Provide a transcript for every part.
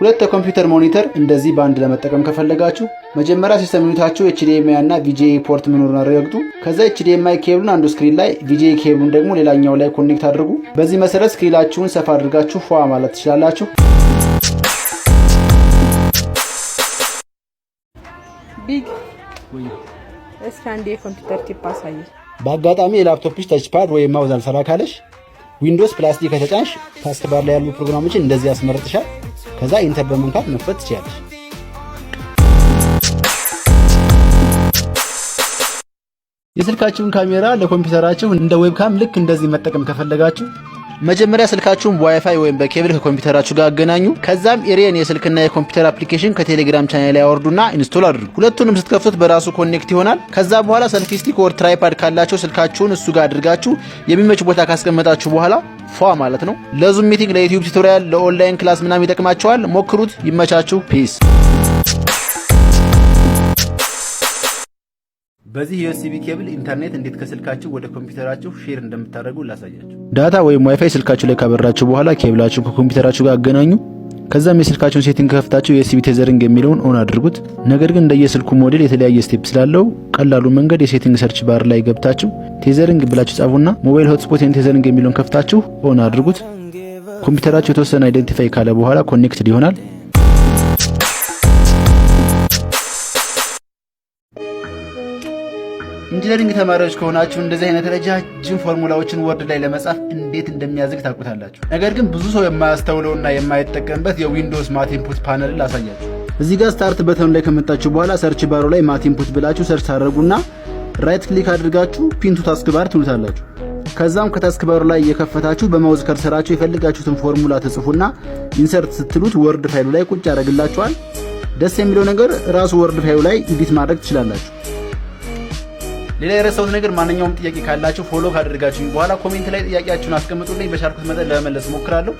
ሁለት የኮምፒውተር ሞኒተር እንደዚህ በአንድ ለመጠቀም ከፈለጋችሁ መጀመሪያ ሲስተም ዩኒታችሁ ኤችዲኤምአይ እና ቪጂኤ ፖርት መኖሩን አረጋግጡ። ከዛ ኤችዲኤምአይ ኬብሉን አንዱ ስክሪን ላይ ቪጂኤ ኬብሉን ደግሞ ሌላኛው ላይ ኮኔክት አድርጉ። በዚህ መሰረት ስክሪላችሁን ሰፋ አድርጋችሁ ፏ ማለት ትችላላችሁ። ቢግ እስኪ አንድ የኮምፒውተር ቲፕ አሳየ። በአጋጣሚ የላፕቶፕሽ ተችፓድ ወይም ማውዝ አልሰራ ካለሽ ዊንዶውስ ፕላስቲክ ከተጫንሽ ታስክባር ላይ ያሉ ፕሮግራሞችን እንደዚህ ያስመርጥሻል። ከዛ ኢንተር በመንካት መክፈት ትችላለች። የስልካችሁን ካሜራ ለኮምፒውተራችሁ እንደ ዌብካም ልክ እንደዚህ መጠቀም ከፈለጋችሁ መጀመሪያ ስልካችሁን በዋይፋይ ወይም በኬብል ከኮምፒውተራችሁ ጋር አገናኙ። ከዛም ኢሬን የስልክና የኮምፒውተር አፕሊኬሽን ከቴሌግራም ቻናል ላይ አወርዱና ኢንስቶል አድርጉ። ሁለቱንም ስትከፍቱት በራሱ ኮኔክት ይሆናል። ከዛ በኋላ ሰልፊስቲክ ወር ትራይፓድ ካላቸው ስልካችሁን እሱ ጋር አድርጋችሁ የሚመች ቦታ ካስቀመጣችሁ በኋላ ፏ ማለት ነው። ለዙም ሚቲንግ፣ ለዩቲዩብ ቱቶሪያል፣ ለኦንላይን ክላስ ምናም ይጠቅማቸዋል። ሞክሩት። ይመቻችሁ። ፒስ በዚህ ዩኤስቢ ኬብል ኢንተርኔት እንዴት ከስልካችሁ ወደ ኮምፒውተራችሁ ሼር እንደምታደርጉ ላሳያችሁ። ዳታ ወይም ዋይፋይ ስልካችሁ ላይ ካበራችሁ በኋላ ኬብላችሁን ከኮምፒውተራችሁ ጋር አገናኙ። ከዛም የስልካችሁን ሴቲንግ ከፍታችሁ የዩኤስቢ ቴዘሪንግ የሚለውን ኦን አድርጉት። ነገር ግን እንደየስልኩ ሞዴል የተለያየ ስቴፕ ስላለው ቀላሉ መንገድ የሴቲንግ ሰርች ባር ላይ ገብታችሁ ቴዘሪንግ ብላችሁ ጻፉና ሞባይል ሆትስፖት ኤንድ ቴዘሪንግ የሚለውን ከፍታችሁ ኦን አድርጉት። ኮምፒውተራችሁ የተወሰነ አይደንቲፋይ ካለ በኋላ ኮኔክትድ ይሆናል። ኢንጂነሪንግ ተማሪዎች ከሆናችሁ እንደዚህ አይነት ረጃጅም ፎርሙላዎችን ወርድ ላይ ለመጻፍ እንዴት እንደሚያዝግ ታውቁታላችሁ። ነገር ግን ብዙ ሰው የማያስተውለውና የማይጠቀምበት የዊንዶውስ ማት ኢንፑት ፓነል ላሳያችሁ። እዚህ ጋር ስታርት በተኑ ላይ ከመጣችሁ በኋላ ሰርች ባሮ ላይ ማት ኢንፑት ብላችሁ ሰርች ታደረጉና ራይት ክሊክ አድርጋችሁ ፒንቱ ታስክ ባር ትሉታላችሁ። ከዛም ከታስክ ባሩ ላይ እየከፈታችሁ በማውዝ ከርሰራችሁ የፈልጋችሁትን ፎርሙላ ተጽፉና ኢንሰርት ስትሉት ወርድ ፋይሉ ላይ ቁጭ ያደረግላችኋል። ደስ የሚለው ነገር ራሱ ወርድ ፋይሉ ላይ ኢዲት ማድረግ ትችላላችሁ። ሌላ የረሳሁት ነገር ማንኛውም ጥያቄ ካላችሁ ፎሎ ካደረጋችሁኝ በኋላ ኮሜንት ላይ ጥያቄያችሁን አስቀምጡልኝ። በቻልኩት መጠን ለመመለስ ሞክራለሁ።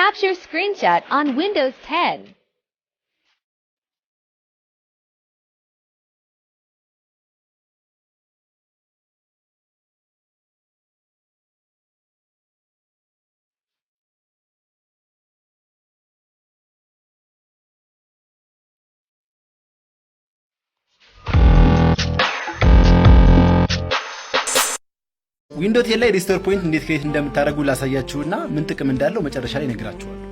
Capture screenshot on Windows 10. ዊንዶ ቴን ላይ ሪስቶር ፖይንት እንዴት ክሬት እንደምታደርጉ ላሳያችሁና ምን ጥቅም እንዳለው መጨረሻ ላይ ነግራችኋለሁ።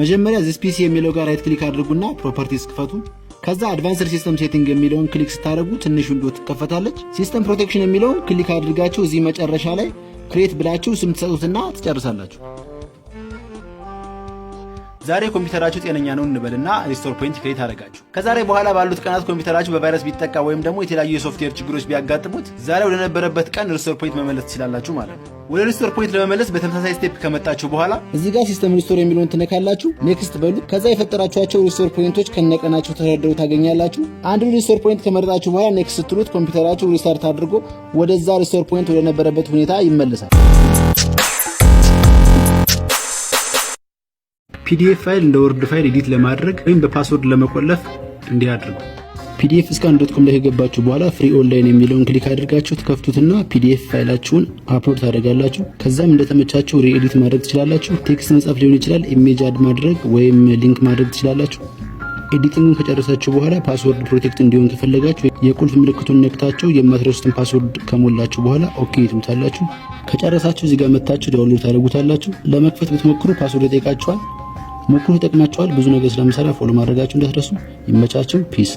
መጀመሪያ ዚስ ፒሲ የሚለው ጋር ራይት ክሊክ አድርጉና ፕሮፐርቲስ ክፈቱ። ከዛ አድቫንስድ ሲስተም ሴቲንግ የሚለውን ክሊክ ስታደርጉ ትንሽ ዊንዶ ትከፈታለች። ሲስተም ፕሮቴክሽን የሚለውን ክሊክ አድርጋችሁ እዚህ መጨረሻ ላይ ክሬት ብላችሁ ስም ትሰጡትና ትጨርሳላችሁ። ዛሬ ኮምፒውተራችሁ ጤነኛ ነው እንበልና ሪስቶር ፖይንት ክሬት አደረጋችሁ። ከዛሬ በኋላ ባሉት ቀናት ኮምፒውተራችሁ በቫይረስ ቢጠቃ ወይም ደግሞ የተለያዩ የሶፍትዌር ችግሮች ቢያጋጥሙት ዛሬ ወደነበረበት ቀን ሪስቶር ፖይንት መመለስ ትችላላችሁ ማለት ነው። ወደ ሪስቶር ፖይንት ለመመለስ በተመሳሳይ ስቴፕ ከመጣችሁ በኋላ እዚህ ጋር ሲስተም ሪስቶር የሚለውን ትነካላችሁ። ኔክስት በሉ። ከዛ የፈጠራችኋቸው ሪስቶር ፖይንቶች ከነቀናቸው ተደርድረው ታገኛላችሁ። አንዱን ሪስቶር ፖይንት ከመረጣችሁ በኋላ ኔክስት ስትሉት ኮምፒውተራችሁ ሪስታርት አድርጎ ወደዛ ሪስቶር ፖይንት ወደነበረበት ሁኔታ ይመለሳል። ፒዲኤፍ ፋይል እንደ ወርድ ፋይል ኤዲት ለማድረግ ወይም በፓስወርድ ለመቆለፍ እንዲህ አድርጉ። ፒዲኤፍ እስካን ዶት ኮም ላይ ከገባችሁ በኋላ ፍሪ ኦንላይን የሚለውን ክሊክ አድርጋችሁ ትከፍቱትና ፒዲኤፍ ፋይላችሁን አፕሎድ ታደርጋላችሁ። ከዛም እንደተመቻችሁ ሪኤዲት ማድረግ ትችላላችሁ። ቴክስት መጻፍ ሊሆን ይችላል። ኢሜጅ አድ ማድረግ ወይም ሊንክ ማድረግ ትችላላችሁ። ኤዲቲንግን ከጨረሳችሁ በኋላ ፓስወርድ ፕሮቴክት እንዲሆን ከፈለጋችሁ የቁልፍ ምልክቱን ነክታችሁ የማትረሱትን ፓስወርድ ከሞላችሁ በኋላ ኦኬ ትሉታላችሁ። ከጨረሳችሁ እዚጋ መታችሁ ዳውንሎድ ታደርጉታላችሁ። ለመክፈት ብትሞክሩ ፓስወርድ ይጠይቃችኋል። ሞክሩ፣ ይጠቅማቸዋል። ብዙ ነገር ስለምሰራ ፎሎ ማድረጋቸው እንዳትረሱ። ይመቻቸው። ፒስ